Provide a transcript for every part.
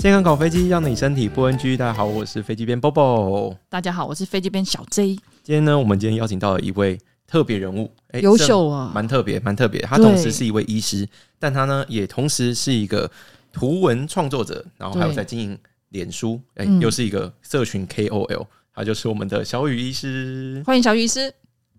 健康搞飛機，讓你身體不 NG。大家好，我是飛機邊 Bobo。大家好，我是飛機邊小 J。今天呢，我們今天邀請到了一位特別人物，優、欸、秀啊，蠻特別，蠻特別。他同時是一位醫師，對但他呢，也同時是一個圖文創作者，然後還有在經營臉書，哎對、欸，又是一個社群 KOL，嗯。他就是我們的小雨醫師，歡迎小雨醫師。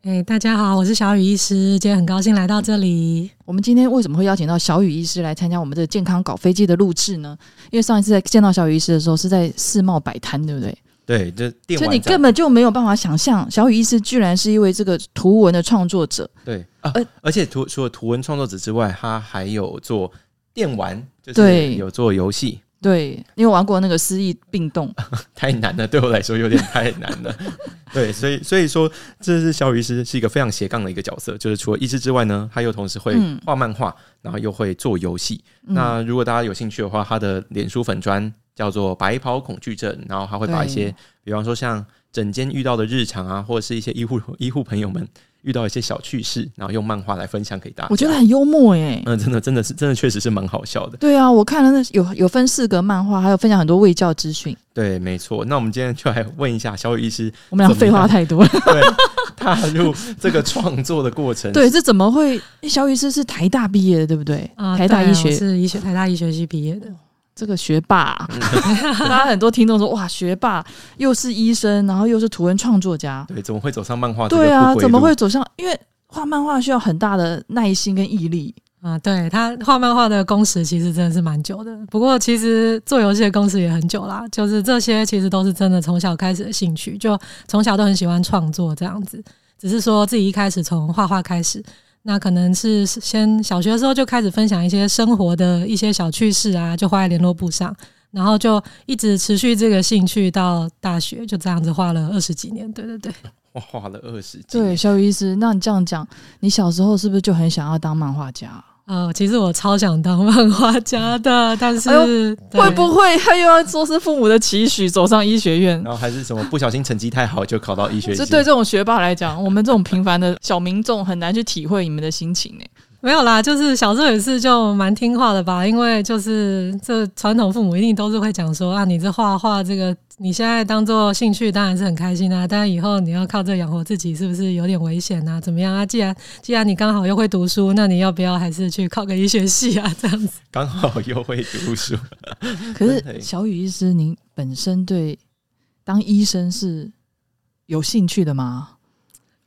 哎、欸，大家好，我是小雨醫師，今天很高興來到這裡。我們今天為什麼會邀請到小雨醫師來參加我們的健康搞飛機的錄制呢？因為上一次在見到小雨醫師的時候是在世貿擺攤，對不對？對，就電玩，所以你根本就沒有辦法想象，小雨醫師居然是一位這個圖文的創作者。對啊，而,而且圖除了圖文創作者之外，他還有做電玩，就是有做遊戲。對，因為玩過那個《失憶病棟》？ 太難了，對我來說有點太難了。 對，所以所以說，這是小雨醫師是一個非常斜槓的一個角色，就是除了醫師之外呢，他又同時會畫漫畫，嗯、然後又會做遊戲。嗯、那如果大家有興趣的話，他的臉書粉專叫做“白袍恐懼症”，然後他會把一些，對比方說像診間遇到的日常啊，或者是一些醫護醫護朋友們。遇到一些小趣事，然後用漫畫來分享給大家，我覺得很幽默哎、欸。嗯，真的，真的是，真的確實是蠻好笑的。對啊，我看了那有有分四格漫畫，還有分享很多衛教資訊。對，沒錯。那我們今天就來問一下小雨醫師，我們倆廢話太多了。對，踏入這個創作的過程， 對，這怎麼會？小雨醫師是台大畢業的，對不對？啊、呃，台大醫學、呃、是醫學，台大醫學系畢業的。這個學霸，啊， 大家很多聽眾說，哇，學霸又是醫生，然後又是圖文創作家。’對，怎麼會走上漫畫？這個，對啊，怎麼會走上？因為畫漫畫需要很大的耐心跟毅力啊。對，他畫漫畫的工時其實真的是蠻久的，不過其實做遊戲的工時也很久啦。就是這些其實都是真的從小開始的興趣，就從小都很喜歡創作這樣子，只是說自己一開始從畫畫開始。那可能是先小學的時候就開始分享一些生活的一些小趣事啊，就畫在聯絡簿上，然後就一直持續這個興趣到大學，就這樣子畫了二十幾年。對對對，畫了二十幾年。對，小雨醫師，那你這樣講，你小時候是不是就很想要當漫畫家啊？啊、哦，其實我超想當漫畫家的，但是、哎、呦對會不會他又要說是父母的期許，走上醫學院，然後還是什麼不小心成績太好就考到醫學院？這 對這種學霸來講，我們這種平凡的小民眾很難去體會你們的心情哎、欸。沒有啦，就是小時候也是就蠻聽話的吧，因為就是這傳統父母一定都是會講說啊，你這畫畫這個，你現在當做興趣當然是很開心啊，當然以後你要靠這養活自己，是不是有點危險啊？怎麼樣啊？既然既然你剛好又會讀書，那你要不要還是去考個醫學系啊？這樣子剛好又會讀書。 可是小雨醫師，您本身對當醫生是有興趣的嗎？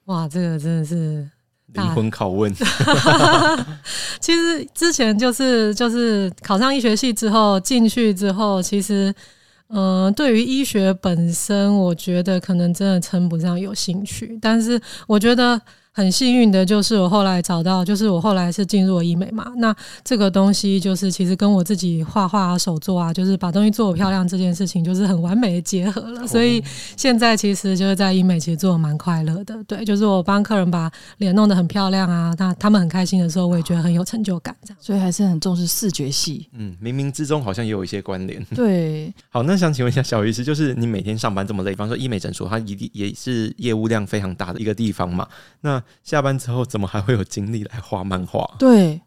哇，這個真的是。靈魂拷問。 其實之前就是就是考上醫學系之後進去之後，其實嗯、呃，對於醫學本身，我覺得可能真的稱不上有興趣，但是我覺得。很幸運的就是我後來找到，就是我後來是進入了醫美嘛，那這個東西就是其實跟我自己畫畫啊、手作啊，就是把東西做得漂亮這件事情，就是很完美的結合了。所以現在其實就是在醫美，其實做的蠻快樂的。對，就是我幫客人把臉弄得很漂亮啊，那他們很開心的時候，我也覺得很有成就感這樣。所以還是很重視視覺系。嗯，冥冥之中好像也有一些關聯。對。好，那想請問一下小雨醫師，就是你每天上班這麼累，比方說醫美診所，它一定也是業務量非常大的一個地方嘛？那下班之後怎麼還會有精力來畫漫畫？對，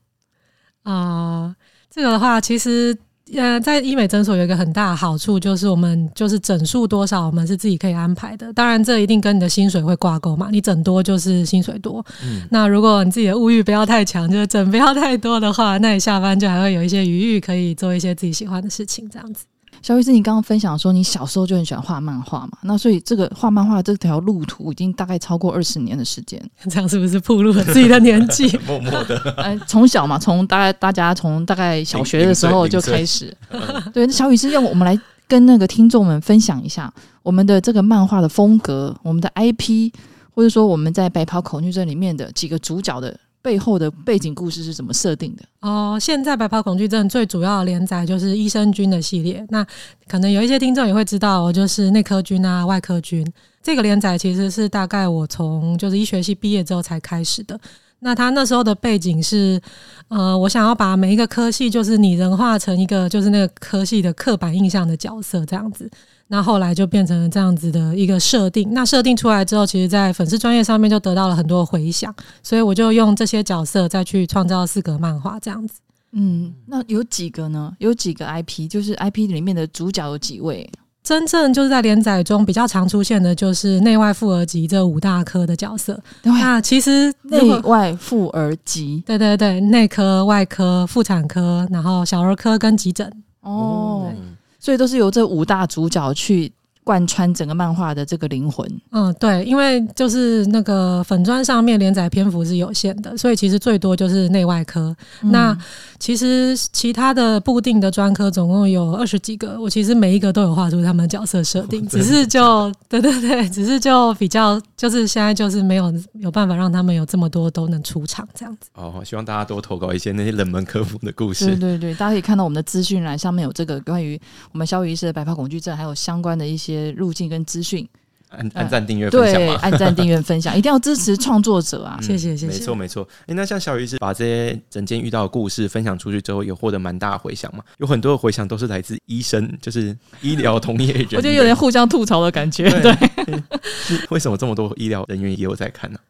啊，呃，這個的話，其實呃，在醫美診所有一個很大的好處，就是我們就是整數多少，我們是自己可以安排的。當然，這一定跟你的薪水會掛鈎嘛。你整多就是薪水多。嗯。那如果你自己的物欲不要太強，就是整不要太多的話，那你下班就還會有一些餘裕，可以做一些自己喜歡的事情，這樣子。小雨師，你剛剛分享說，你小時候就很喜歡畫漫畫嘛？那所以這個畫漫畫這條路途已經大概超過二十年的時間，這樣是不是暴露了自己的年紀？ 默默的，從小嘛，從大大家從大概小學的時候就開始。嗯、對，那小雨師用我們來跟那個聽眾們分享一下我們的這個漫畫的風格，我們的 IP，或者說我們在《白袍恐懼症》裡面的幾個主角的。背後的背景故事是怎麼設定的？哦，現在白袍恐懼症最主要的連載就是醫生君的系列。那可能有一些聽眾也會知道，哦，就是內科君啊、外科君這個連載，其實是大概我從就是醫學系畢業之後才開始的。那他那時候的背景是，呃，我想要把每一個科系就是擬人化成一個就是那個科系的刻板印象的角色這樣子。那後來就變成了這樣子的一個設定。那設定出來之後，其實，在粉絲專業上面就得到了很多回響，所以我就用這些角色再去創造四格漫畫，這樣子。嗯，那有幾個呢？有幾個 IP，就是 IP 裡面的主角有幾位？真正就是在連載中比較常出現的，就是內外婦兒急這五大科的角色。對那其實內外婦兒急，對對對，內科、外科、婦產科，然後小兒科跟急診。哦。所以都是由這五大主角去。貫穿整個漫畫的這個靈魂，嗯，對，因為就是那個粉專上面連載篇幅是有限的，所以其實最多就是內外科。嗯、那其實其他的固定的專科總共有二十幾個，我其實每一個都有畫出他們的角色設定，只是就對，對對對，只是就比較就是現在就是沒有有辦法讓他們有這麼多都能出場這樣子。哦，希望大家多投稿一些那些冷門科普的故事。對對，對大家可以看到我們的資訊欄上面有這個關於我們小雨醫師的白袍恐懼症，還有相關的一些。路徑跟資訊，按按讚訂閱，對，按讚訂閱分享， 一定要支持創作者啊！ 嗯、謝謝，謝謝、嗯。沒錯，沒錯。哎，那像小雨是把這些整間遇到的故事分享出去之後，有獲得蠻大的回響嘛。有很多的回響都是來自醫生，就是醫療同業 我覺得有點互相吐槽的感覺。對，對 為什麼這麼多醫療人員也有在看呢、啊？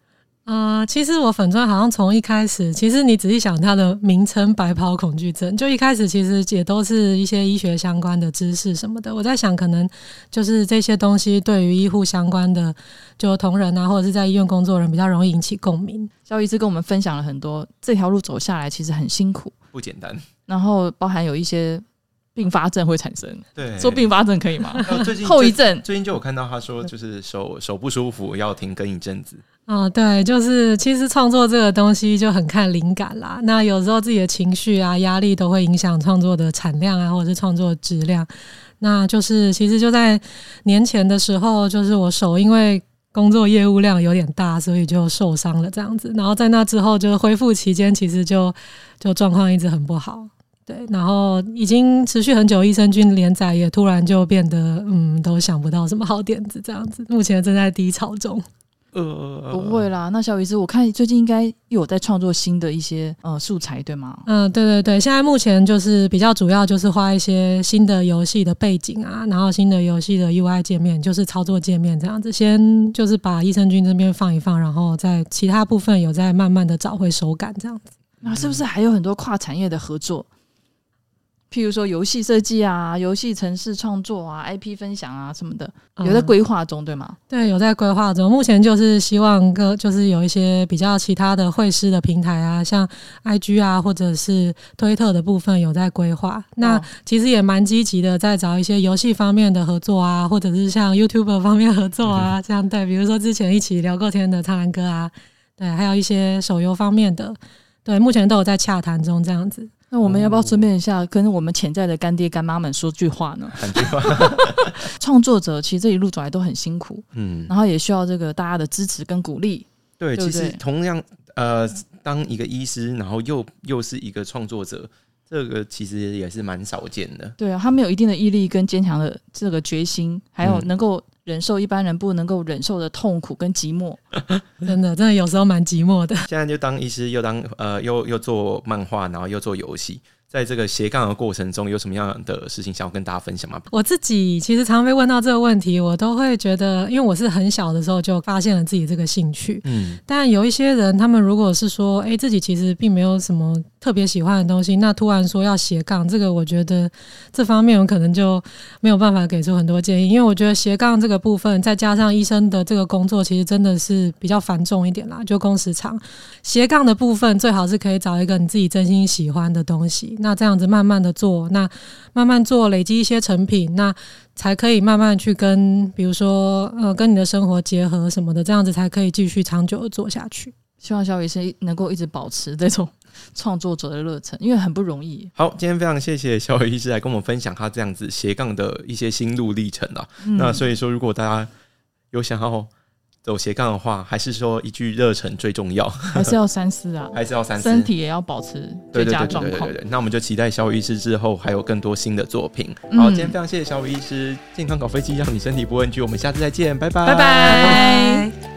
啊、呃，其實我粉專好像從一開始，其實你仔細想它的名稱“白袍恐懼症”，就一開始其實也都是一些醫學相關的知識什麼的。我在想，可能就是這些東西對於醫護相關的就同仁啊，或者是在醫院工作的人比較容易引起共鳴。小雨醫師跟我們分享了很多這條路走下來，其實很辛苦，不簡單。然後包含有一些併發症會產生，說併對發症可以嗎？最近後遺症，最近就有看到他說，就是手對手不舒服，要停更一陣子。哦，對，就是其實創作這個東西就很看靈感啦。那有時候自己的情緒啊、壓力都會影響創作的產量啊，或者是創作質量。那就是其實就在年前的時候，就是我手因為工作業務量有點大，所以就受傷了這樣子。然後在那之後，就是恢復期間，其實就就狀況一直很不好。對，然後已經持續很久，醫生君連載也突然就變得嗯，都想不到什麼好點子這樣子。目前正在低潮中。呃，不會啦。那小雨師，我看你最近應該有在創作新的一些呃素材，對嗎？嗯、呃，對對對，現在目前就是比較主要就是畫一些新的遊戲的背景啊，然後新的遊戲的 UI 界面，就是操作界面這樣子。先就是把益生菌這邊放一放，然後在其他部分有在慢慢的找回手感這樣子。那、嗯啊、是不是還有很多跨產業的合作？譬如說遊戲設計啊、遊戲程式創作啊、IP 分享啊什麼的，有在規劃中，嗯、對嗎？對，有在規劃中。目前就是希望個就是有一些比較其他的會師的平台啊，像 IG 啊，或者是推特的部分有在規劃。嗯、那其實也蠻積極的，在找一些遊戲方面的合作啊，或者是像 YouTube 方面合作啊，這樣對，對，對，對。比如說之前一起聊過天，天的蒼藍鴿啊，對，還有一些手遊方面的，對，目前都有在洽談中，這樣子。那我們要不要順便一下跟我們潛在的乾爹乾媽們說句話呢？嗯，說句話，創作者其實這一路走來都很辛苦，嗯，然後也需要這個大家的支持跟鼓勵。對，對對，其實同樣，呃，當一個醫師，然後又又是一個創作者。這個其實也是蠻少見的，對啊，他沒有一定的毅力跟堅強的這個決心，還有能夠忍受一般人不能夠忍受的痛苦跟寂寞，嗯、真的真的有時候蠻寂寞的。 現在就當醫師，又當呃，又又做漫畫，然後又做遊戲。在這個斜槓的過程中，有什麼樣的事情想要跟大家分享嗎？我自己其實常被問到這個問題，我都會覺得，因為我是很小的時候就發現了自己這個興趣。嗯，但有一些人，他們如果是說，哎、欸，自己其實並沒有什麼特別喜歡的東西，那突然說要斜槓，這個我覺得這方面我可能就沒有辦法給出很多建議，因為我覺得斜槓這個部分，再加上醫生的這個工作，其實真的是比較繁重一點啦，就工時長。斜槓的部分，最好是可以找一個你自己真心喜歡的東西。那這樣子慢慢的做，那慢慢做累積一些成品，那才可以慢慢去跟，比如說呃，跟你的生活結合什麼的，這樣子才可以繼續長久的做下去。希望小雨醫師能夠一直保持這種創作者的熱忱，因為很不容易。好，今天非常謝謝小雨醫師來跟我們分享他這樣子斜槓的一些心路歷程了。嗯、那所以說，如果大家有想要，有斜槓的話，還是說一句熱忱最重要，還是要三思啊，還是要三思，身體也要保持最佳狀況。那我們就期待小雨醫師之後還有更多新的作品。嗯、好，今天非常謝謝小雨醫師，健康搞飛機讓你身體不 NG，我們下次再見，拜拜，拜拜。